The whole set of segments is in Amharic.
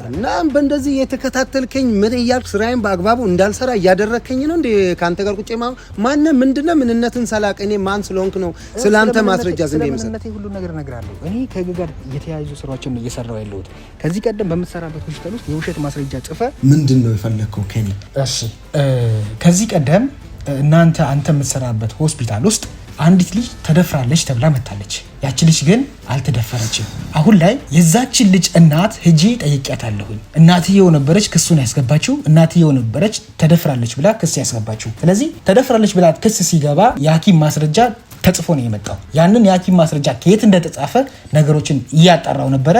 ይችላል። እናም በእንደዚህ የተከታተልከኝ ምን እያልክ ስራዬን በአግባቡ እንዳልሰራ እያደረግከኝ ነው እንዴ? ከአንተ ጋር ቁጭ ማነ ምንድነ ምንነትን ሰላቅ እኔ ማን ስለሆንክ ነው ስለአንተ ማስረጃ ዝም ምንነቴ ሁሉ ነገር እነግርሃለሁ። እኔ ከህግ ጋር የተያያዙ ስራዎችን እየሰራሁ ያለሁት ከዚህ ቀደም በምትሰራበት ሆስፒታል ውስጥ የውሸት ማስረጃ ጽፈ ምንድን ነው የፈለግከው ከኔ? እሺ ከዚህ ቀደም እናንተ አንተ የምትሰራበት ሆስፒታል ውስጥ አንዲት ልጅ ተደፍራለች ተብላ መታለች። ያቺ ልጅ ግን አልተደፈረችም። አሁን ላይ የዛችን ልጅ እናት ሄጄ ጠይቄያታለሁኝ። እናትየው ነበረች ክሱን ያስገባችው፣ እናትየው ነበረች ተደፍራለች ብላ ክስ ያስገባችው። ስለዚህ ተደፍራለች ብላ ክስ ሲገባ የሐኪም ማስረጃ ተጽፎ ነው የመጣው። ያንን የሐኪም ማስረጃ ከየት እንደተጻፈ ነገሮችን እያጣራው ነበረ።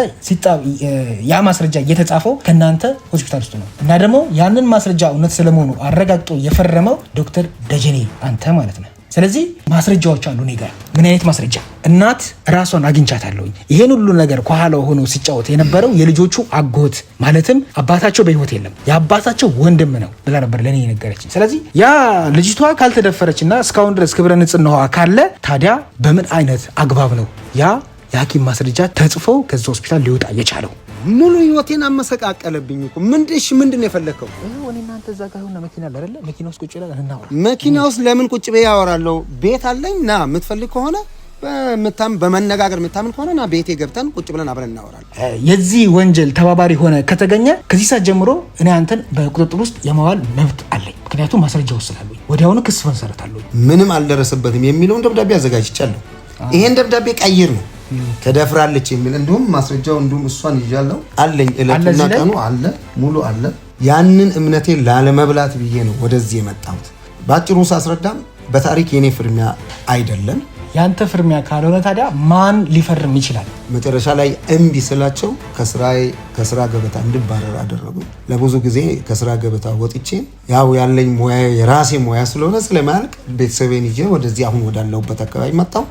ያ ማስረጃ እየተጻፈው ከእናንተ ሆስፒታል ውስጥ ነው እና ደግሞ ያንን ማስረጃ እውነት ስለመሆኑ አረጋግጦ የፈረመው ዶክተር ደጀኔ አንተ ማለት ነው ስለዚህ ማስረጃዎች አሉ እኔ ጋር። ምን አይነት ማስረጃ? እናት ራሷን አግኝቻታለሁኝ። ይሄን ሁሉ ነገር ከኋላ ሆኖ ሲጫወት የነበረው የልጆቹ አጎት ማለትም አባታቸው በህይወት የለም የአባታቸው ወንድም ነው ብላ ነበር ለእኔ የነገረችኝ። ስለዚህ ያ ልጅቷ ካልተደፈረች እና እስካሁን ድረስ ክብረ ንጽሕናዋ ካለ ታዲያ በምን አይነት አግባብ ነው ያ የሐኪም ማስረጃ ተጽፎ ከዚ ሆስፒታል ሊወጣ የቻለው? ሙሉ ህይወቴን አመሰቃቀለብኝ እኮ። ምንድሽ ምንድን የፈለከው? ሆነ መኪና መኪና ውስጥ ቁጭ መኪና ውስጥ ለምን ቁጭ ብዬ አወራለሁ ቤት አለኝ። ና የምትፈልግ ከሆነ በመታም በመነጋገር የምታምን ከሆነ ና ቤቴ ገብተን ቁጭ ብለን አብረን እናወራለን። የዚህ ወንጀል ተባባሪ ሆነ ከተገኘ ከዚህ ሰዓት ጀምሮ እኔ አንተን በቁጥጥር ውስጥ የማዋል መብት አለኝ። ምክንያቱም ማስረጃው ስላለኝ ወዲያውኑ ክስ መሰረታለሁ። ምንም አልደረሰበትም የሚለውን ደብዳቤ አዘጋጅቻለሁ። ይሄን ደብዳቤ ቀይር ነው ተደፍራለች የሚል እንዲሁም ማስረጃው እንዲሁም እሷን ይዣለው አለኝ። እለቱና ቀኑ አለ ሙሉ አለ። ያንን እምነቴን ላለመብላት ብዬ ነው ወደዚህ የመጣሁት። በአጭሩ ሳስረዳም በታሪክ የኔ ፍርሚያ አይደለም ያንተ ፍርሚያ ካልሆነ ታዲያ ማን ሊፈርም ይችላል? መጨረሻ ላይ እምቢ ስላቸው ከስራ ገበታ እንድባረር አደረጉ። ለብዙ ጊዜ ከስራ ገበታ ወጥቼ ያው ያለኝ ሙያ የራሴ ሙያ ስለሆነ ስለማያልቅ ቤተሰቤን ይዤ ወደዚህ አሁን ወዳለሁበት አካባቢ መጣሁ።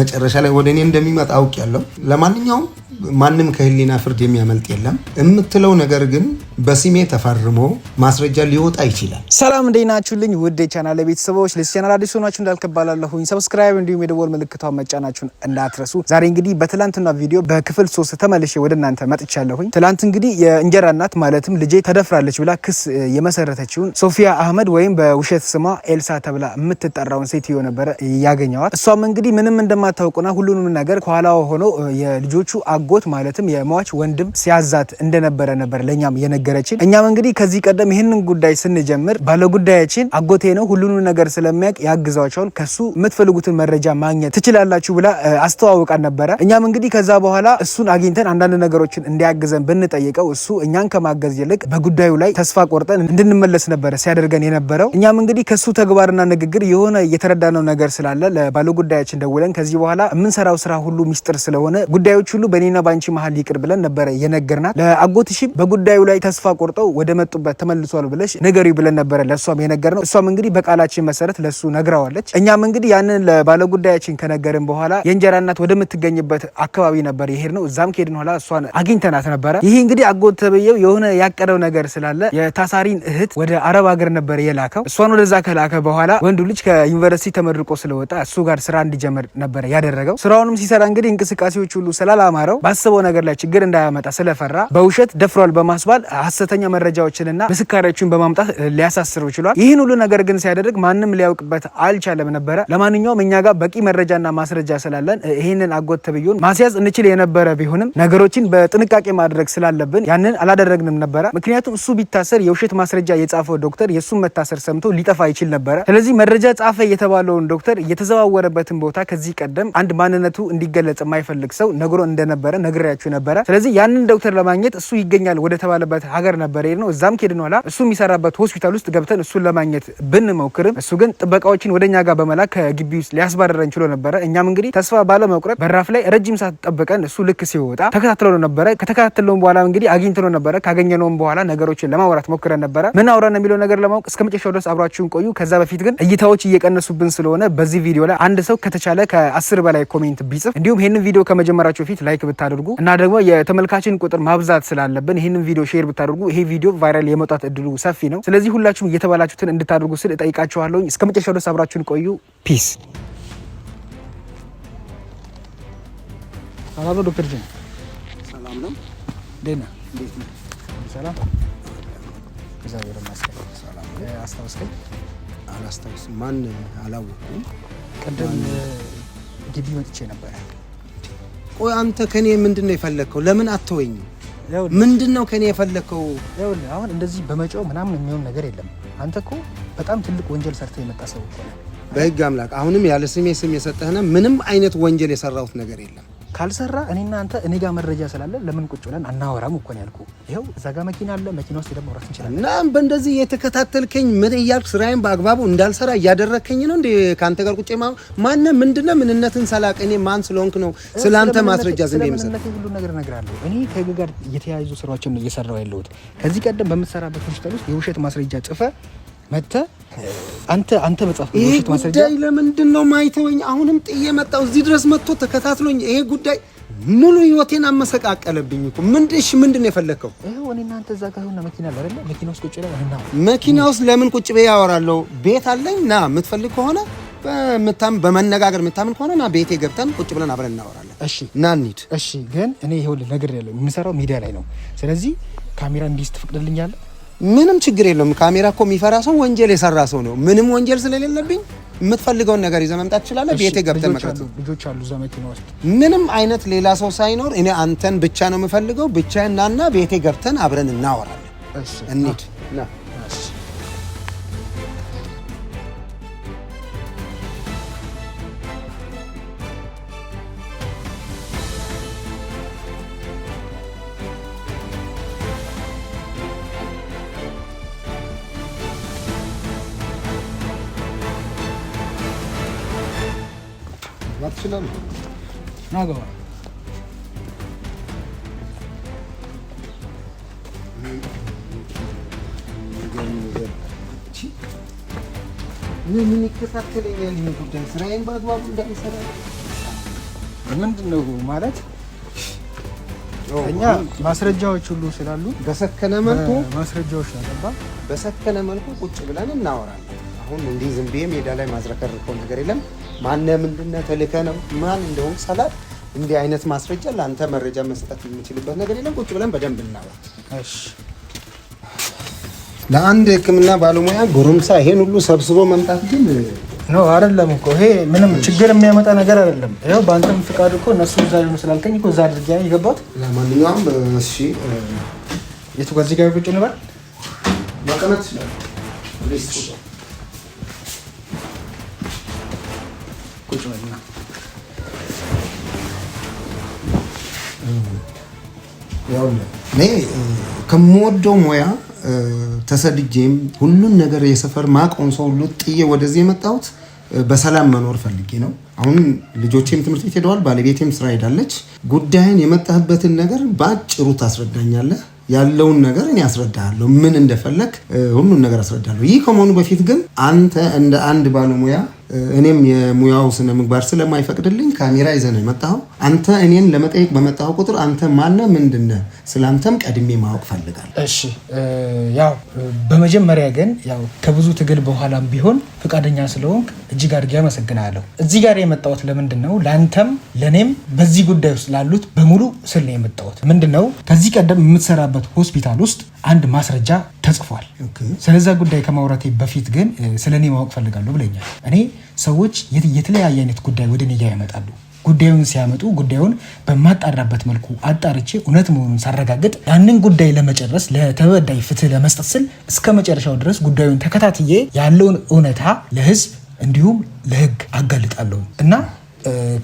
መጨረሻ ላይ ወደ እኔ እንደሚመጣ አውቅ ያለው። ለማንኛውም ማንም ከህሊና ፍርድ የሚያመልጥ የለም የምትለው ነገር ግን በስሜ ተፈርሞ ማስረጃ ሊወጣ ይችላል። ሰላም እንደናችሁልኝ ውድ የቻናል ቤተሰቦች፣ ለዚህ ቻናል አዲስ ሆናችሁ እንዳልከባላለሁኝ ሰብስክራይብ፣ እንዲሁም የደወል ምልክቷን መጫናችሁን እንዳትረሱ። ዛሬ እንግዲህ በትላንትና ቪዲዮ በክፍል ሶስት ተመልሼ ወደ እናንተ መጥቻለሁኝ። ትላንት እንግዲህ የእንጀራ እናት ማለትም ልጄ ተደፍራለች ብላ ክስ የመሰረተችውን ሶፊያ አህመድ ወይም በውሸት ስሟ ኤልሳ ተብላ የምትጠራውን ሴትዮ ነበረ ያገኘዋል። እሷም እንግዲህ ምንም እንደማታውቁና ሁሉንም ነገር ከኋላዋ ሆኖ የልጆቹ አጎት ማለትም የሟች ወንድም ሲያዛት እንደነበረ ነበር ለእኛም የነገ ነገረችን። እኛም እንግዲህ ከዚህ ቀደም ይህንን ጉዳይ ስንጀምር ባለጉዳያችን አጎቴ ነው ሁሉንም ነገር ስለሚያውቅ ያግዛቸዋል፣ ከሱ የምትፈልጉትን መረጃ ማግኘት ትችላላችሁ ብላ አስተዋውቃን ነበረ። እኛም እንግዲህ ከዛ በኋላ እሱን አግኝተን አንዳንድ ነገሮችን እንዲያግዘን ብንጠይቀው እሱ እኛን ከማገዝ ይልቅ በጉዳዩ ላይ ተስፋ ቆርጠን እንድንመለስ ነበረ ሲያደርገን የነበረው። እኛም እንግዲህ ከሱ ተግባርና ንግግር የሆነ የተረዳነው ነገር ስላለ ለባለጉዳያችን ደውለን ከዚህ በኋላ የምንሰራው ስራ ሁሉ ሚስጥር ስለሆነ ጉዳዮች ሁሉ በእኔና በአንቺ መሀል ይቅር ብለን ነበረ የነገርናት። ለአጎትሽም በጉዳዩ ላይ ተስፋ ተስፋ ቆርጠው ወደ መጡበት ተመልሷል ብለሽ ነገሪ ብለን ነበረ ለእሷም የነገር ነው። እሷም እንግዲህ በቃላችን መሰረት ለሱ ነግረዋለች። እኛም እንግዲህ ያንን ለባለጉዳያችን ከነገርን በኋላ የእንጀራ እናት ወደምትገኝበት አካባቢ ነበር የሄድ ነው። እዛም ከሄድን በኋላ እሷን አግኝተናት ነበረ። ይህ እንግዲህ አጎት ተብዬው የሆነ ያቀደው ነገር ስላለ የታሳሪን እህት ወደ አረብ ሀገር ነበር የላከው። እሷን ወደዛ ከላከ በኋላ ወንዱ ልጅ ከዩኒቨርሲቲ ተመርቆ ስለወጣ እሱ ጋር ስራ እንዲጀምር ነበረ ያደረገው። ስራውንም ሲሰራ እንግዲህ እንቅስቃሴዎች ሁሉ ስላላማረው ባሰበው ነገር ላይ ችግር እንዳያመጣ ስለፈራ በውሸት ደፍሯል በማስባል ሀሰተኛ መረጃዎችንና ምስካሪዎችን በማምጣት ሊያሳስሩ ችሏል። ይህን ሁሉ ነገር ግን ሲያደርግ ማንም ሊያውቅበት አልቻለም ነበረ። ለማንኛውም እኛ ጋር በቂ መረጃና ማስረጃ ስላለን ይህንን አጎት ተብዩን ማስያዝ እንችል የነበረ ቢሆንም ነገሮችን በጥንቃቄ ማድረግ ስላለብን ያንን አላደረግንም ነበረ። ምክንያቱም እሱ ቢታሰር የውሸት ማስረጃ የጻፈው ዶክተር የእሱን መታሰር ሰምቶ ሊጠፋ ይችል ነበረ። ስለዚህ መረጃ ጻፈ የተባለውን ዶክተር የተዘዋወረበትን ቦታ ከዚህ ቀደም አንድ ማንነቱ እንዲገለጽ የማይፈልግ ሰው ነግሮ እንደነበረ ነግሬያችሁ ነበረ። ስለዚህ ያንን ዶክተር ለማግኘት እሱ ይገኛል ወደ ተባለበት ሀገር ነበር ነው። እዛም ከሄድን ኋላ እሱ የሚሰራበት ሆስፒታል ውስጥ ገብተን እሱን ለማግኘት ብንሞክርም እሱ ግን ጥበቃዎችን ወደኛ ጋር በመላክ ከግቢ ውስጥ ሊያስባረረን ችሎ ነበረ። እኛም እንግዲህ ተስፋ ባለመቁረጥ በራፍ ላይ ረጅም ሰዓት ጠብቀን እሱ ልክ ሲወጣ ተከታትለው ነበረ። ከተከታተለውም በኋላ እንግዲህ አግኝተነው ነበረ። ካገኘነውም በኋላ ነገሮችን ለማውራት ሞክረን ነበረ። ምን አውራን የሚለው ነገር ለማወቅ እስከ መጨረሻው ድረስ አብራችሁን ቆዩ። ከዛ በፊት ግን እይታዎች እየቀነሱብን ስለሆነ በዚህ ቪዲዮ ላይ አንድ ሰው ከተቻለ ከአስር በላይ ኮሜንት ቢጽፍ እንዲሁም ይህንን ቪዲዮ ከመጀመራቸው በፊት ላይክ ብታደርጉ እና ደግሞ የተመልካችን ቁጥር ማብዛት ስላለብን ይህንን ቪዲዮ ሼር እንድታደርጉ ይሄ ቪዲዮ ቫይራል የመውጣት እድሉ ሰፊ ነው። ስለዚህ ሁላችሁም እየተባላችሁትን እንድታደርጉ ስል እጠይቃችኋለሁኝ። እስከ መጨረሻው ድረስ አብራችሁን ቆዩ። ፒስ። ሰላም ዶክተር ጀን ሰላም ነው። ደህና ሰላም እግዚአብሔር ይመስገን። አስታውስከኝ? አላስታውስም። ማን አላወኩም። ቅድም ግቢ መጥቼ ነበረ። ቆይ አንተ ከኔ ምንድን ነው የፈለግከው? ለምን አትወኝም? ምንድን ነው ከኔ የፈለግከው? ይኸውልህ አሁን እንደዚህ በመጮ ምናምን የሚሆን ነገር የለም። አንተ እኮ በጣም ትልቅ ወንጀል ሰርተህ የመጣ ሰው እኮ ነህ። በህግ አምላክ አሁንም ያለ ስሜ ስም የሰጠህነ ምንም አይነት ወንጀል የሰራሁት ነገር የለም። ካልሰራ እኔና አንተ እኔ ጋር መረጃ ስላለ ለምን ቁጭ ብለን አናወራም እኮ ነው ያልኩህ። ይኸው እዛ ጋር መኪና አለ፣ መኪና ውስጥ ደግሞ ማውራት እንችላለን። እና በእንደዚህ የተከታተልከኝ ምን እያልኩ ስራዬን በአግባቡ እንዳልሰራ እያደረግከኝ ነው እንዴ? ከአንተ ጋር ቁጭ ማ ማነ ምንድነ ምንነትን ሰላቅ እኔ ማን ስለሆንክ ነው ስለአንተ ማስረጃ ዝም የምሰጥ? ሁሉ ነገር እነግርሃለሁ። እኔ ከህግ ጋር የተያያዙ ስራዎችን እየሰራው ያለሁት ከዚህ ቀደም በምትሰራበት ሆስፒታል ውስጥ የውሸት ማስረጃ ጽፈህ መተ አንተ አንተ መጽሐፍ ይሄ ጉዳይ ለምንድን ነው ማይተወኝ? አሁንም ጥዬ መጣው እዚህ ድረስ መጥቶ ተከታትሎኝ ይሄ ጉዳይ ሙሉ ህይወቴን አመሰቃቀለብኝ እኮ። ምንድን እሺ፣ ምንድን ነው የፈለግከው? ይኸው እኔ እናንተ እዛ ጋር መኪና አለ አይደለ? መኪና ውስጥ ቁጭ ብለህ መኪና ውስጥ ለምን ቁጭ ብዬ ያወራለሁ? ቤት አለኝ። ና የምትፈልግ ከሆነ በመነጋገር የምታምን ከሆነ ና ቤቴ ገብተን ቁጭ ብለን አብረን እናወራለን። እሺ፣ ና እንሂድ። እሺ፣ ግን እኔ ይኸውልህ ነገር ያለው የምሰራው ሚዲያ ላይ ነው። ስለዚህ ካሜራ እንዲይዝ ትፈቅድልኛለህ? ምንም ችግር የለውም። ካሜራ እኮ የሚፈራ ሰው ወንጀል የሰራ ሰው ነው። ምንም ወንጀል ስለሌለብኝ የምትፈልገውን ነገር ይዘህ መምጣት ትችላለህ። ቤቴ ገብተህ መቅረት ምንም አይነት ሌላ ሰው ሳይኖር እኔ አንተን ብቻ ነው የምፈልገው። ብቻህን ናና ቤቴ ገብተን አብረን እናወራለን። እንሂድ ছিলাম না গো ምን ይከታተለኛል? ይህ ጉዳይ ስራዬን በአግባቡ እንዳይሰራ ምንድን ነው ማለት እኛ ማስረጃዎች ሁሉ ስላሉ በሰከነ መልኩ ማስረጃዎች አገባ በሰከነ መልኩ ቁጭ ብለን እናወራለን። አሁን እንዲህ ዝም ብዬ ሜዳ ላይ ማዝረከርከው ነገር የለም። ማነ ምንድነ ተልከ ነው ማን እንደውም ሰላት እንዲህ አይነት ማስረጃ ለአንተ መረጃ መስጠት የምችልበት ነገር የለም። ቁጭ ብለን በደንብ እናወት። ለአንድ ሕክምና ባለሙያ ጎረምሳ ይሄን ሁሉ ሰብስቦ መምጣት ግን ነው አይደለም እኮ ይሄ ምንም ችግር የሚያመጣ ነገር አይደለም። ይኸው በአንተም ፍቃድ እኮ እነሱ እዛ ሆኑ ስላልከኝ እኮ እዛ አድርጊያ የገባት። ለማንኛውም እሺ፣ የቱ ጋር እዚህ ጋር ቁጭ እንበል መቀመጥ ቁጭ በልና ከምወደው ሙያ ተሰድጄም ሁሉን ነገር የሰፈር ማቀውን ሰው ሁሉ ጥዬ ወደዚህ የመጣሁት euh, በሰላም መኖር ፈልጌ ነው። አሁን ልጆቼም ትምህርት ቤት ሄደዋል፣ ባለቤቴም ስራ ሄዳለች። ጉዳይን የመጣህበትን ነገር በአጭሩ ታስረዳኛለህ፣ ያለውን ነገር እኔ አስረዳሃለሁ፣ ምን እንደፈለግ euh, ሁሉን ነገር አስረዳለሁ። ይህ ከመሆኑ በፊት ግን አንተ እንደ አንድ ባለሙያ እኔም የሙያው ስነ ምግባር ስለማይፈቅድልኝ ካሜራ ይዘ ነው የመጣኸው። አንተ እኔን ለመጠየቅ በመጣኸው ቁጥር አንተ ማነ ምንድነ ስለአንተም ቀድሜ ማወቅ ፈልጋል። እሺ፣ ያው በመጀመሪያ ግን ያው ከብዙ ትግል በኋላም ቢሆን ፈቃደኛ ስለሆንክ እጅግ አድርጌ አመሰግናለሁ። እዚህ ጋር የመጣሁት ለምንድን ነው? ለአንተም ለእኔም በዚህ ጉዳይ ውስጥ ላሉት በሙሉ ስል ነው የመጣሁት። ምንድን ነው ከዚህ ቀደም የምትሰራበት ሆስፒታል ውስጥ አንድ ማስረጃ ተጽፏል። ስለዛ ጉዳይ ከማውራቴ በፊት ግን ስለ እኔ ማወቅ ፈልጋለሁ ብለኛል እኔ ሰዎች የተለያየ አይነት ጉዳይ ወደ እኔ ጋር ያመጣሉ። ጉዳዩን ሲያመጡ ጉዳዩን በማጣራበት መልኩ አጣርቼ እውነት መሆኑን ሳረጋግጥ ያንን ጉዳይ ለመጨረስ ለተበዳይ ፍትህ ለመስጠት ስል እስከ መጨረሻው ድረስ ጉዳዩን ተከታትዬ ያለውን እውነታ ለህዝብ እንዲሁም ለህግ አጋልጣለሁ እና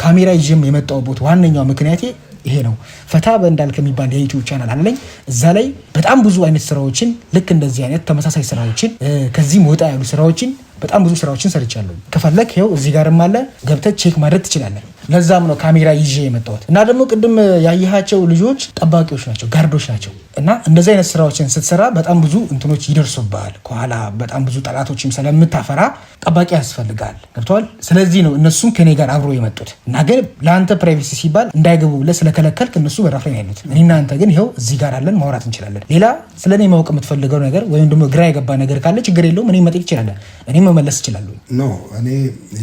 ካሜራ ይዤም የመጣሁበት ዋነኛው ምክንያቴ ይሄ ነው። ፈታ በእንዳል ከሚባል የዩቲዩብ ቻናል አለኝ። እዛ ላይ በጣም ብዙ አይነት ስራዎችን ልክ እንደዚህ አይነት ተመሳሳይ ስራዎችን ከዚህም ወጣ ያሉ ስራዎችን በጣም ብዙ ስራዎችን ሰርቻለሁ። ከፈለክ ይኸው እዚህ ጋርም አለ ገብተህ ቼክ ማድረግ ትችላለህ። ለዛም ነው ካሜራ ይዤ የመጣሁት። እና ደግሞ ቅድም ያየሃቸው ልጆች ጠባቂዎች ናቸው፣ ጋርዶች ናቸው። እና እንደዚህ አይነት ስራዎችን ስትሰራ በጣም ብዙ እንትኖች ይደርሱብሃል። ከኋላ በጣም ብዙ ጠላቶችም ስለምታፈራ ጠባቂ ያስፈልጋል። ገብተዋል። ስለዚህ ነው እነሱም ከኔ ጋር አብሮ የመጡት። እና ግን ለአንተ ፕራይቬሲ ሲባል እንዳይገቡ ብለህ ስለከለከልክ እነሱ በራፍ ላይ ያሉት። እኔና አንተ ግን ይኸው እዚህ ጋር አለን፣ ማውራት እንችላለን። ሌላ ስለ እኔ ማወቅ የምትፈልገው ነገር ወይም ደግሞ ግራ የገባ ነገር ካለ ችግር የለውም፣ እኔ መጠየቅ ይችላለን፣ እኔ መመለስ ይችላሉ። ኖ እኔ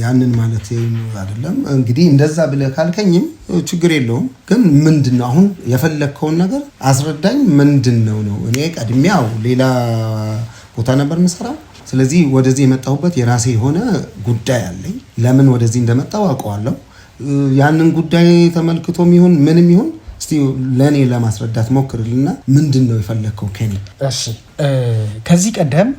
ያንን ማለት አይደለም እንግዲህ እንደዛ ብለህ ካልከኝም ችግር የለውም። ግን ምንድን ነው አሁን የፈለግከውን ነገር አስረዳኝ። ምንድን ነው ነው እኔ ቀድሚያው ሌላ ቦታ ነበር የምሰራው። ስለዚህ ወደዚህ የመጣሁበት የራሴ የሆነ ጉዳይ አለኝ። ለምን ወደዚህ እንደመጣው አውቀዋለሁ። ያንን ጉዳይ ተመልክቶ ይሁን ምንም ይሁን እስቲ ለእኔ ለማስረዳት ሞክርልና ምንድን ነው የፈለግከው ከኔ? እሺ ከዚህ ቀደም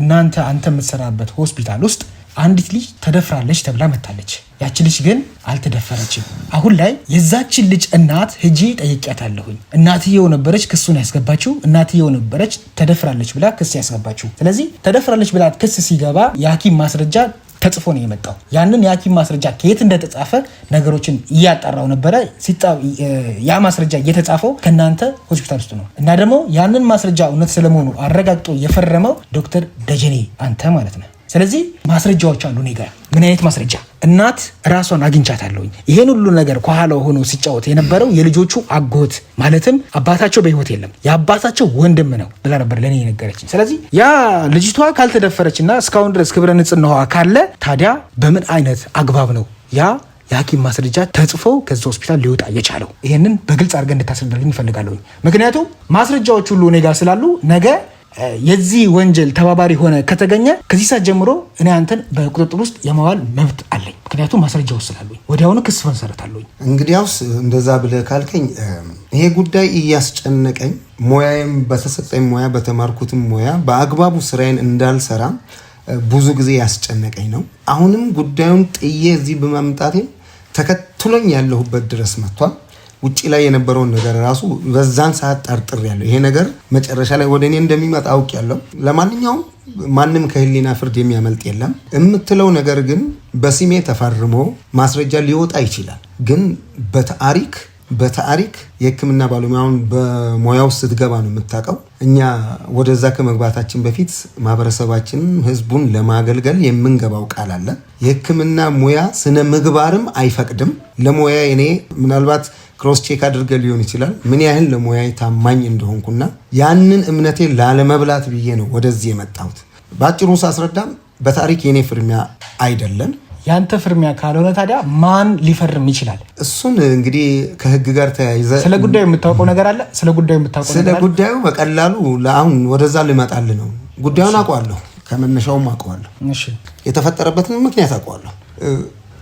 እናንተ አንተ የምትሰራበት ሆስፒታል ውስጥ አንዲት ልጅ ተደፍራለች ተብላ መታለች። ያች ልጅ ግን አልተደፈረችም። አሁን ላይ የዛችን ልጅ እናት ሄጄ ጠይቄያታለሁኝ። እናትየው ነበረች ክሱን ያስገባችው። እናትየው ነበረች ተደፍራለች ብላ ክስ ያስገባችው። ስለዚህ ተደፍራለች ብላ ክስ ሲገባ የሐኪም ማስረጃ ተጽፎ ነው የመጣው። ያንን የሐኪም ማስረጃ ከየት እንደተጻፈ ነገሮችን እያጣራው ነበረ። ያ ማስረጃ እየተጻፈው ከእናንተ ሆስፒታል ውስጥ ነው እና ደግሞ ያንን ማስረጃ እውነት ስለመሆኑ አረጋግጦ የፈረመው ዶክተር ደጀኔ አንተ ማለት ነው ስለዚህ ማስረጃዎች አሉ እኔ ምን አይነት ማስረጃ? እናት ራሷን አግኝቻታለሁኝ። ይሄን ሁሉ ነገር ከኋላ ሆኖ ሲጫወት የነበረው የልጆቹ አጎት ማለትም አባታቸው በህይወት የለም የአባታቸው ወንድም ነው ብላ ነበር ለእኔ የነገረችኝ። ስለዚህ ያ ልጅቷ ካልተደፈረችና እስካሁን ድረስ ክብረ ንጽነዋ ካለ ታዲያ በምን አይነት አግባብ ነው ያ የሐኪም ማስረጃ ተጽፎ ከዚ ሆስፒታል ሊወጣ የቻለው? ይህንን በግልጽ አድርገህ እንድታስረዳልኝ እፈልጋለሁኝ። ምክንያቱም ማስረጃዎች ሁሉ እኔ ጋር ስላሉ ነገ የዚህ ወንጀል ተባባሪ ሆነ ከተገኘ ከዚህ ሰዓት ጀምሮ እኔ አንተን በቁጥጥር ውስጥ የማዋል መብት አለኝ። ምክንያቱም ማስረጃ ስላለኝ ወዲያውኑ ክስ መሰረታለኝ። እንግዲያውስ እንደዛ ብለህ ካልከኝ ይሄ ጉዳይ እያስጨነቀኝ ሙያዬም በተሰጠኝ ሙያ በተማርኩትም ሙያ በአግባቡ ስራዬን እንዳልሰራ ብዙ ጊዜ ያስጨነቀኝ ነው። አሁንም ጉዳዩን ጥዬ እዚህ በማምጣቴ ተከትሎኝ ያለሁበት ድረስ መጥቷል። ውጭ ላይ የነበረውን ነገር ራሱ በዛን ሰዓት ጠርጥር ያለው ይሄ ነገር መጨረሻ ላይ ወደ እኔ እንደሚመጣ አውቅ ያለው። ለማንኛውም ማንም ከህሊና ፍርድ የሚያመልጥ የለም የምትለው ነገር ግን በስሜ ተፈርሞ ማስረጃ ሊወጣ ይችላል። ግን በታሪክ በታሪክ የህክምና ባለሙያውን በሙያው ስትገባ ነው የምታውቀው። እኛ ወደዛ ከመግባታችን በፊት ማህበረሰባችንን፣ ህዝቡን ለማገልገል የምንገባው ቃል አለ። የህክምና ሙያ ስነ ምግባርም አይፈቅድም። ለሙያ እኔ ምናልባት ክሮስ ቼክ አድርገ ሊሆን ይችላል ምን ያህል ለሙያዬ ታማኝ እንደሆንኩና ያንን እምነቴን ላለመብላት ብዬ ነው ወደዚህ የመጣሁት። በአጭሩ ሳስረዳም በታሪክ የኔ ፍርሚያ አይደለም ያንተ ፍርሚያ ካልሆነ ታዲያ ማን ሊፈርም ይችላል? እሱን እንግዲህ ከህግ ጋር ተያይዘ ስለ ጉዳዩ የምታውቀው ነገር አለ። ስለ ጉዳዩ የምታውቀው ስለ ጉዳዩ በቀላሉ ለአሁን ወደዛ ልመጣል ነው። ጉዳዩን አውቀዋለሁ፣ ከመነሻውም አውቀዋለሁ፣ የተፈጠረበትን ምክንያት አውቀዋለሁ።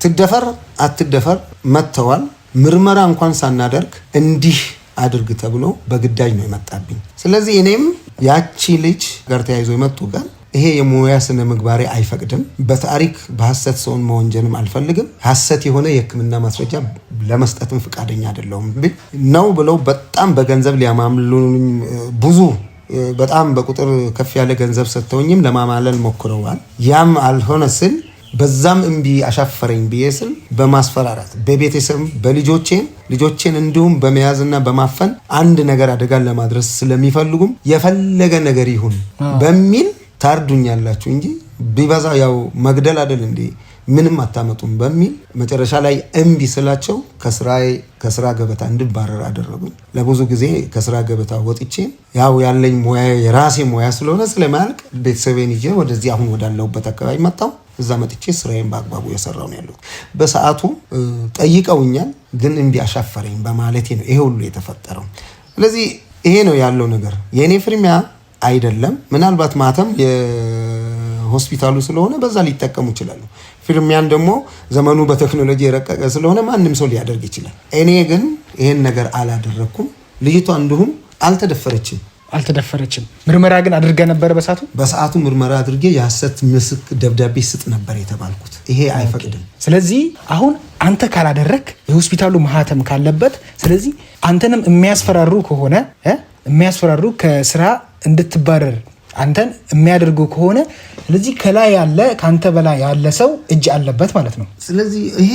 ትደፈር አትደፈር መጥተዋል። ምርመራ እንኳን ሳናደርግ እንዲህ አድርግ ተብሎ በግዳጅ ነው የመጣብኝ። ስለዚህ እኔም ያቺ ልጅ ጋር ተያይዞ የመጡ ጋር ይሄ የሙያ ስነ ምግባሬ አይፈቅድም። በታሪክ በሐሰት ሰውን መወንጀልም አልፈልግም። ሐሰት የሆነ የሕክምና ማስረጃ ለመስጠትም ፈቃደኛ አይደለሁም ብል ነው ብለው በጣም በገንዘብ ሊያማምሉኝ ብዙ በጣም በቁጥር ከፍ ያለ ገንዘብ ሰጥተውኝም ለማማለል ሞክረዋል። ያም አልሆነ ስል በዛም እምቢ አሻፈረኝ ብዬ ስል በማስፈራራት በቤተሰብ በልጆቼም ልጆቼን እንዲሁም በመያዝና በማፈን አንድ ነገር አደጋን ለማድረስ ስለሚፈልጉም የፈለገ ነገር ይሁን በሚል ታርዱኛላችሁ እንጂ ቢበዛ ያው መግደል አይደል እንዴ ምንም አታመጡም በሚል መጨረሻ ላይ እምቢ ስላቸው ከስራ ገበታ እንድባረር አደረጉኝ። ለብዙ ጊዜ ከስራ ገበታ ወጥቼ ያው ያለኝ ሙያ የራሴ ሙያ ስለሆነ ስለማያልቅ ቤተሰቤን ይዤ ወደዚህ አሁን ወዳለሁበት አካባቢ መጣሁ። እዛ መጥቼ ስራዬን በአግባቡ የሰራው ነው ያለሁት። በሰዓቱ ጠይቀውኛል፣ ግን እንቢ አሻፈረኝ በማለቴ ነው ይሄ ሁሉ የተፈጠረው። ስለዚህ ይሄ ነው ያለው ነገር። የእኔ ፍርሚያ አይደለም። ምናልባት ማተም የሆስፒታሉ ስለሆነ በዛ ሊጠቀሙ ይችላሉ። ፍርሚያን ደግሞ ዘመኑ በቴክኖሎጂ የረቀቀ ስለሆነ ማንም ሰው ሊያደርግ ይችላል። እኔ ግን ይሄን ነገር አላደረግኩም። ልጅቷ እንዲሁም አልተደፈረችም። አልተደፈረችም። ምርመራ ግን አድርገ ነበረ በሰቱ በሰዓቱ ምርመራ አድርጌ የሐሰት ምስክ ደብዳቤ ስጥ ነበር የተባልኩት። ይሄ አይፈቅድም። ስለዚህ አሁን አንተ ካላደረግ የሆስፒታሉ ማህተም ካለበት፣ ስለዚህ አንተንም የሚያስፈራሩ ከሆነ የሚያስፈራሩ ከስራ እንድትባረር አንተን የሚያደርጉ ከሆነ ስለዚህ ከላይ ያለ ከአንተ በላይ ያለ ሰው እጅ አለበት ማለት ነው። ስለዚህ ይሄ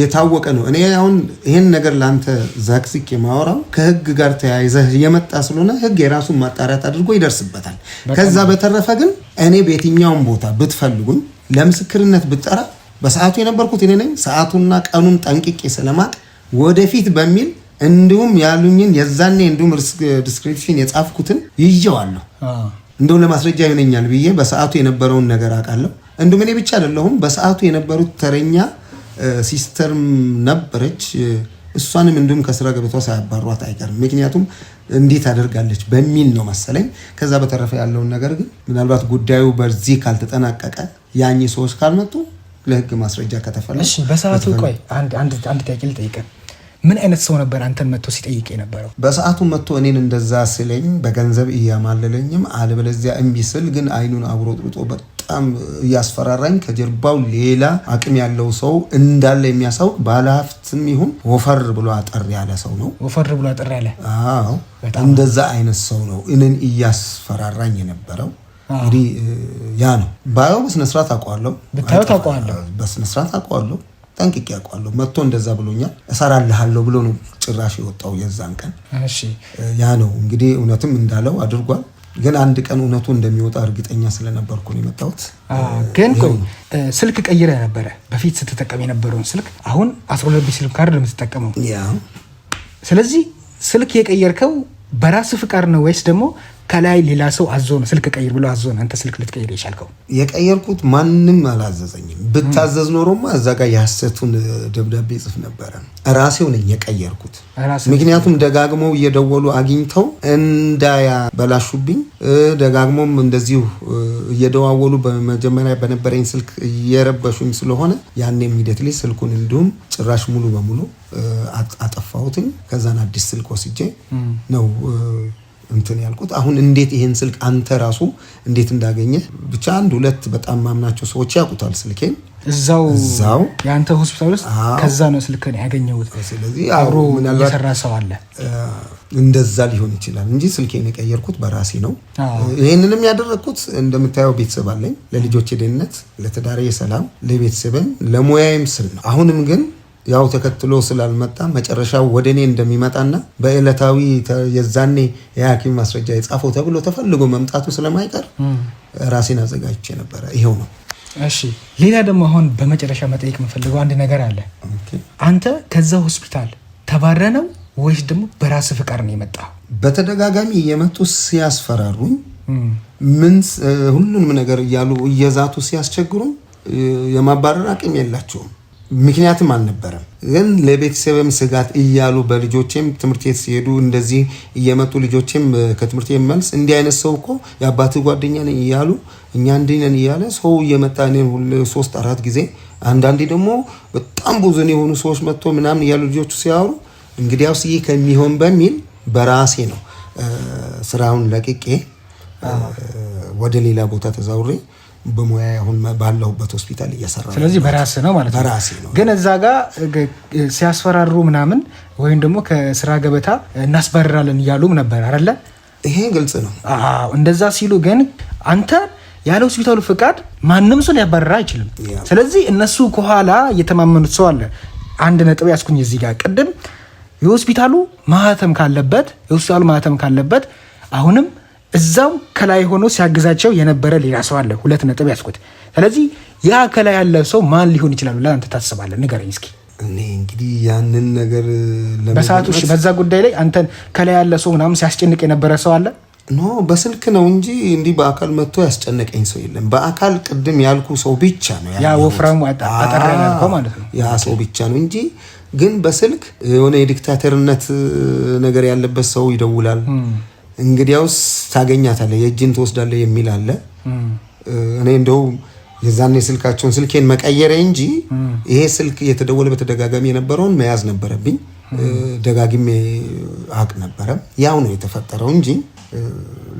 የታወቀ ነው። እኔ አሁን ይህን ነገር ለአንተ ዛክሲክ የማወራው ከህግ ጋር ተያይዘህ የመጣ ስለሆነ ህግ የራሱን ማጣሪያት አድርጎ ይደርስበታል። ከዛ በተረፈ ግን እኔ በየትኛውም ቦታ ብትፈልጉኝ ለምስክርነት ብጠራ በሰዓቱ የነበርኩት እኔ ነኝ። ሰዓቱና ቀኑን ጠንቅቄ ስለማቅ ወደፊት በሚል እንዲሁም ያሉኝን የዛኔ እንዲሁም ዲስክሪፕሽን የጻፍኩትን ይዤዋለሁ። እንደውም ለማስረጃ ይሆነኛል ብዬ በሰዓቱ የነበረውን ነገር አውቃለሁ። እንዲሁም እኔ ብቻ አይደለሁም፣ በሰዓቱ የነበሩት ተረኛ ሲስተር ነበረች። እሷንም እንዲሁም ከስራ ገበቷ ሳያባሯት አይቀርም። ምክንያቱም እንዴት አደርጋለች በሚል ነው መሰለኝ። ከዛ በተረፈ ያለውን ነገር ግን ምናልባት ጉዳዩ በዚህ ካልተጠናቀቀ ያኝ ሰዎች ካልመጡ ለህግ ማስረጃ ከተፈለገ በሰዓቱ ቆይ አንድ ጥያቄ ልጠይቀን ምን አይነት ሰው ነበር አንተን መጥቶ ሲጠይቅ የነበረው? በሰዓቱ መጥቶ እኔን እንደዛ ስለኝ በገንዘብ እያማለለኝም አለበለዚያ እምቢ ስል ግን አይኑን አብሮ ጥርጦ በጣም እያስፈራራኝ ከጀርባው ሌላ አቅም ያለው ሰው እንዳለ የሚያሳውቅ ባለሀብትም ይሁን ወፈር ብሎ አጠር ያለ ሰው ነው። ወፈር ብሎ አጠር ያለ አዎ፣ እንደዛ አይነት ሰው ነው እኔን እያስፈራራኝ የነበረው። እንግዲህ ያ ነው ባየው፣ በስነስርዓት አውቀዋለሁ፣ ብታየው ታውቀዋለሁ፣ በስነስርዓት አውቀዋለሁ ጠንቅቄ ያውቀዋለሁ። መጥቶ እንደዛ ብሎኛል፣ እሰራልሃለሁ ብሎ ነው ጭራሽ የወጣው የዛን ቀን። ያ ነው እንግዲህ እውነትም እንዳለው አድርጓል። ግን አንድ ቀን እውነቱ እንደሚወጣ እርግጠኛ ስለነበርኩ ነው የመጣሁት። ግን ስልክ ቀይረ ነበረ። በፊት ስትጠቀም የነበረውን ስልክ አሁን 12 ስልክ ካርድ የምትጠቀመው። ስለዚህ ስልክ የቀየርከው በራስ ፍቃድ ነው ወይስ ደግሞ ከላይ ሌላ ሰው አዞ ነው ስልክ ቀይር ብሎ አዞ ነው አንተ ስልክ ልትቀይር የቻልከው። የቀየርኩት ማንም አላዘዘኝም። ብታዘዝ ኖሮማ እዛ ጋር የሐሰቱን ደብዳቤ ጽፍ ነበረ። ራሴው ነኝ የቀየርኩት። ምክንያቱም ደጋግመው እየደወሉ አግኝተው በላሹብኝ። ደጋግሞም እንደዚሁ እየደዋወሉ በመጀመሪያ በነበረኝ ስልክ እየረበሹኝ ስለሆነ ያኔ ሂደት ላይ ስልኩን እንዲሁም ጭራሽ ሙሉ በሙሉ አጠፋሁትኝ። ከዛን አዲስ ስልክ ወስጄ ነው እንትን ያልኩት አሁን እንዴት ይሄን ስልክ አንተ ራሱ እንዴት እንዳገኘ ብቻ አንድ ሁለት በጣም ማምናቸው ሰዎች ያውቁታል ስልኬን እዛው እዛው የአንተ ሆስፒታል ውስጥ ከዛ ነው ስልክን ያገኘሁት። ስለዚህ አብሮ የሰራ ሰው አለ። እንደዛ ሊሆን ይችላል እንጂ ስልኬን የቀየርኩት በራሴ ነው። ይህንንም ያደረግኩት እንደምታየው ቤተሰብ አለኝ፣ ለልጆች ደህንነት፣ ለትዳሬ ሰላም፣ ለቤተሰብም ለሙያዬም ስል ነው። አሁንም ግን ያው ተከትሎ ስላልመጣ መጨረሻው ወደ እኔ እንደሚመጣና በዕለታዊ የዛኔ የሐኪም ማስረጃ የጻፈው ተብሎ ተፈልጎ መምጣቱ ስለማይቀር ራሴን አዘጋጅቼ ነበረ። ይሄው ነው። እሺ፣ ሌላ ደግሞ አሁን በመጨረሻ መጠየቅ የምፈልገው አንድ ነገር አለ። አንተ ከዛ ሆስፒታል ተባረ ነው ወይስ ደግሞ በራስ ፍቃድ ነው የመጣው? በተደጋጋሚ እየመጡ ሲያስፈራሩኝ ምን ሁሉንም ነገር እያሉ እየዛቱ ሲያስቸግሩኝ የማባረር አቅም የላቸውም። ምክንያትም አልነበረም። ግን ለቤተሰብም ስጋት እያሉ በልጆቼም ትምህርት ቤት ሲሄዱ እንደዚህ እየመጡ ልጆቼም ከትምህርት ቤት መልስ እንዲህ አይነት ሰው እኮ የአባት ጓደኛ ነኝ እያሉ እኛ እንዲህ ነን እያለ ሰው እየመጣ እኔን ሁሌ ሶስት አራት ጊዜ አንዳንዴ ደግሞ በጣም ብዙ የሆኑ ሰዎች መጥቶ ምናምን እያሉ ልጆቹ ሲያወሩ እንግዲያውስ ይህ ከሚሆን በሚል በራሴ ነው ስራውን ለቅቄ ወደ ሌላ ቦታ ተዛውሬ በሙያ አሁን ባለሁበት ሆስፒታል እየሰራ ስለዚህ በራስ ነው ማለት ነው። ነው። ግን እዛ ጋር ሲያስፈራሩ ምናምን ወይም ደግሞ ከስራ ገበታ እናስባረራለን እያሉም ነበር አለ። ይሄ ግልጽ ነው። እንደዛ ሲሉ ግን አንተ ያለ ሆስፒታሉ ፍቃድ ማንም ሰው ሊያባረራ አይችልም። ስለዚህ እነሱ ከኋላ እየተማመኑት ሰው አለ። አንድ ነጥብ ያስኩኝ እዚህ ጋር ቅድም የሆስፒታሉ ማህተም ካለበት የሆስፒታሉ ማህተም ካለበት አሁንም እዛው ከላይ ሆኖ ሲያግዛቸው የነበረ ሌላ ሰው አለ። ሁለት ነጥብ ያስኩት። ስለዚህ ያ ከላይ ያለ ሰው ማን ሊሆን ይችላል ብለህ ታስባለህ? ንገረኝ እስኪ። እኔ እንግዲህ ያንን ነገር በሰዓቱ በዛ ጉዳይ ላይ አንተን ከላይ ያለ ሰው ምናምን ሲያስጨንቅ የነበረ ሰው አለ። ኖ በስልክ ነው እንጂ እንዲህ በአካል መጥቶ ያስጨነቀኝ ሰው የለም። በአካል ቅድም ያልኩ ሰው ብቻ ነው ያ ወፍራሙ አጠራ ያልከው ማለት ነው። ያ ሰው ብቻ ነው እንጂ ግን በስልክ የሆነ የዲክታተርነት ነገር ያለበት ሰው ይደውላል እንግዲያውስ ታገኛታለህ የእጅን ትወስዳለህ የሚል አለ። እኔ እንደው የዛን የስልካቸውን ስልኬን መቀየሬ እንጂ ይሄ ስልክ እየተደወለ በተደጋጋሚ የነበረውን መያዝ ነበረብኝ። ደጋግሜ አቅ ነበረ። ያው ነው የተፈጠረው እንጂ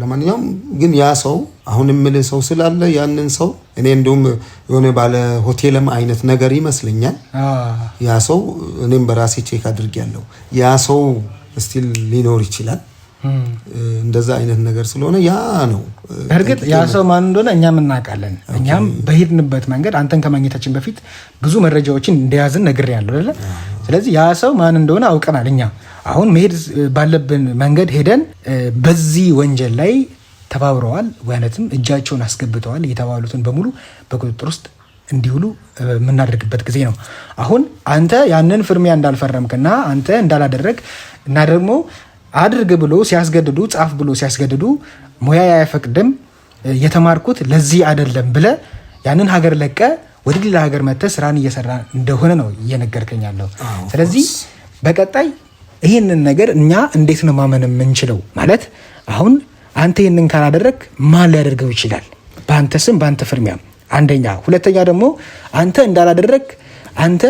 ለማንኛውም ግን ያ ሰው አሁን የምል ሰው ስላለ ያንን ሰው እኔ እንደውም የሆነ ባለ ሆቴልም አይነት ነገር ይመስለኛል። ያ ሰው እኔም በራሴ ቼክ ያለው ያ ሰው ስቲል ሊኖር ይችላል። እንደዛ አይነት ነገር ስለሆነ ያ ነው። በእርግጥ ያ ሰው ማን እንደሆነ እኛም እናውቃለን። እኛም በሄድንበት መንገድ አንተን ከማግኘታችን በፊት ብዙ መረጃዎችን እንደያዝን ነግር ያለው አለ። ስለዚህ ያ ሰው ማን እንደሆነ አውቀናል። እኛ አሁን መሄድ ባለብን መንገድ ሄደን በዚህ ወንጀል ላይ ተባብረዋል ወይነትም እጃቸውን አስገብተዋል የተባሉትን በሙሉ በቁጥጥር ውስጥ እንዲውሉ የምናደርግበት ጊዜ ነው። አሁን አንተ ያንን ፍርሚያ እንዳልፈረምክና አንተ እንዳላደረግ እና ደግሞ አድርግ ብሎ ሲያስገድዱ፣ ጻፍ ብሎ ሲያስገድዱ ሙያ አያፈቅድም የተማርኩት ለዚህ አይደለም ብለ ያንን ሀገር ለቀ ወደ ሌላ ሀገር መተ ስራን እየሰራ እንደሆነ ነው እየነገርከኝ ያለው። ስለዚህ በቀጣይ ይህንን ነገር እኛ እንዴት ነው ማመን የምንችለው? ማለት አሁን አንተ ይህንን ካላደረግ ማን ሊያደርገው ይችላል? በአንተ ስም በአንተ ፍርሚያም፣ አንደኛ። ሁለተኛ ደግሞ አንተ እንዳላደረግ አንተ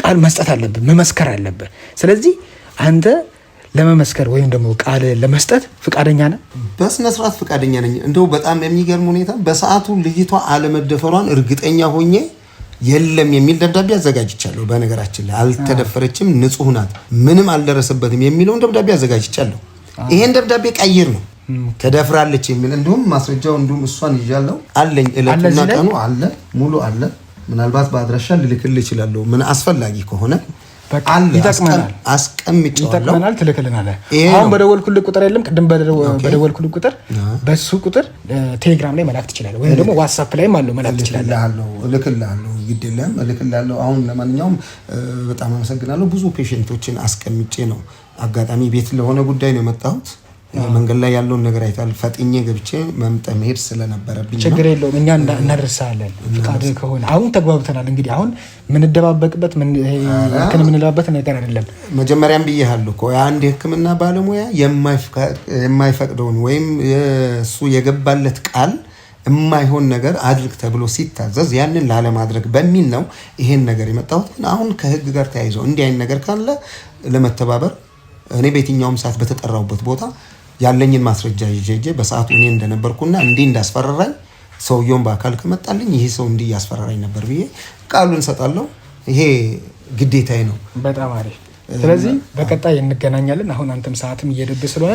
ቃል መስጠት አለብህ፣ መመስከር አለብህ። ስለዚህ አንተ ለመመስከር ወይም ደግሞ ቃል ለመስጠት ፍቃደኛ ነህ? በስነስርዓት ፍቃደኛ ነኝ። እንደው በጣም የሚገርም ሁኔታ በሰዓቱ ልጅቷ አለመደፈሯን እርግጠኛ ሆኜ የለም የሚል ደብዳቤ አዘጋጅቻለሁ። በነገራችን ላይ አልተደፈረችም፣ ንጹህ ናት፣ ምንም አልደረሰበትም የሚለውን ደብዳቤ አዘጋጅቻለሁ። ይሄን ደብዳቤ ቀይር ነው ተደፍራለች የሚል እንዲሁም ማስረጃው እንዲሁም እሷን ይዣለሁ አለኝ። እለቱና ቀኑ አለ ሙሉ አለ። ምናልባት በአድራሻ ልልክል ይችላለሁ ምን አስፈላጊ ከሆነ ይጠቅመናል ትልክልናለህ። አሁን በደወልኩልህ ቁጥር የለም ቅድም በደወልኩልህ ቁጥር በሱ ቁጥር ቴሌግራም ላይ መላክ ትችላለህ፣ ወይም ደግሞ ዋትሳፕ ላይም አለው መላክ ትችላለህ። እልክልሃለሁ፣ ግድ የለም እልክልሃለሁ። አሁን ለማንኛውም በጣም አመሰግናለሁ። ብዙ ፔሽንቶችን አስቀምጬ ነው። አጋጣሚ ቤት ለሆነ ጉዳይ ነው የመጣሁት መንገድ ላይ ያለውን ነገር አይታል። ፈጥኜ ገብቼ መምጠ መሄድ ስለነበረብኝ ችግር የለውም እኛ እናደርሳለን ፍቃድ ከሆነ አሁን ተግባብተናል። እንግዲህ አሁን ምንደባበቅበት ክን ምንለባበት ነገር አይደለም። መጀመሪያም ብዬሃለሁ እኮ የአንድ የሕክምና ባለሙያ የማይፈቅደውን ወይም እሱ የገባለት ቃል የማይሆን ነገር አድርግ ተብሎ ሲታዘዝ ያንን ላለማድረግ በሚል ነው ይሄን ነገር የመጣሁት። ግን አሁን ከህግ ጋር ተያይዞ እንዲህ አይነት ነገር ካለ ለመተባበር እኔ በየትኛውም ሰዓት በተጠራውበት ቦታ ያለኝን ማስረጃ ይዤ በሰዓቱ እኔ እንደነበርኩና እንዲህ እንዳስፈራራኝ ሰውየውን በአካል ከመጣልኝ ይሄ ሰው እንዲህ እያስፈራራኝ ነበር ብዬ ቃሉን እሰጣለሁ። ይሄ ግዴታዬ ነው። በጣም አሪፍ። ስለዚህ በቀጣይ እንገናኛለን። አሁን አንተም ሰዓትም እየደብ ስለሆነ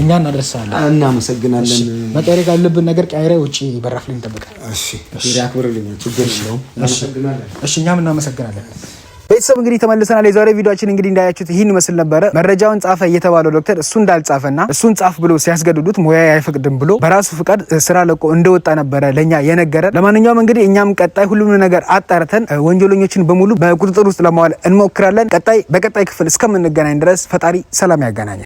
እኛ እናደርሳለን። እናመሰግናለን። መቀየር ያለብን ነገር ቀያይሬ ውጭ በራፍ ላይ እንጠብቃለን። እሺ፣ እኛ እናመሰግናለን። ቤተሰብ እንግዲህ ተመልሰናል። የዛሬ ቪዲዮችን እንግዲህ እንዳያችሁት ይህን ይመስል ነበረ። መረጃውን ጻፈ እየተባለው ዶክተር እሱ እንዳልጻፈና እሱን ጻፍ ብሎ ሲያስገድዱት ሙያ አይፈቅድም ብሎ በራሱ ፍቃድ ስራ ለቆ እንደወጣ ነበረ ለእኛ የነገረ ለማንኛውም እንግዲህ እኛም ቀጣይ ሁሉም ነገር አጣርተን ወንጀለኞችን በሙሉ በቁጥጥር ውስጥ ለማዋል እንሞክራለን። ቀጣይ በቀጣይ ክፍል እስከምንገናኝ ድረስ ፈጣሪ ሰላም ያገናኛል።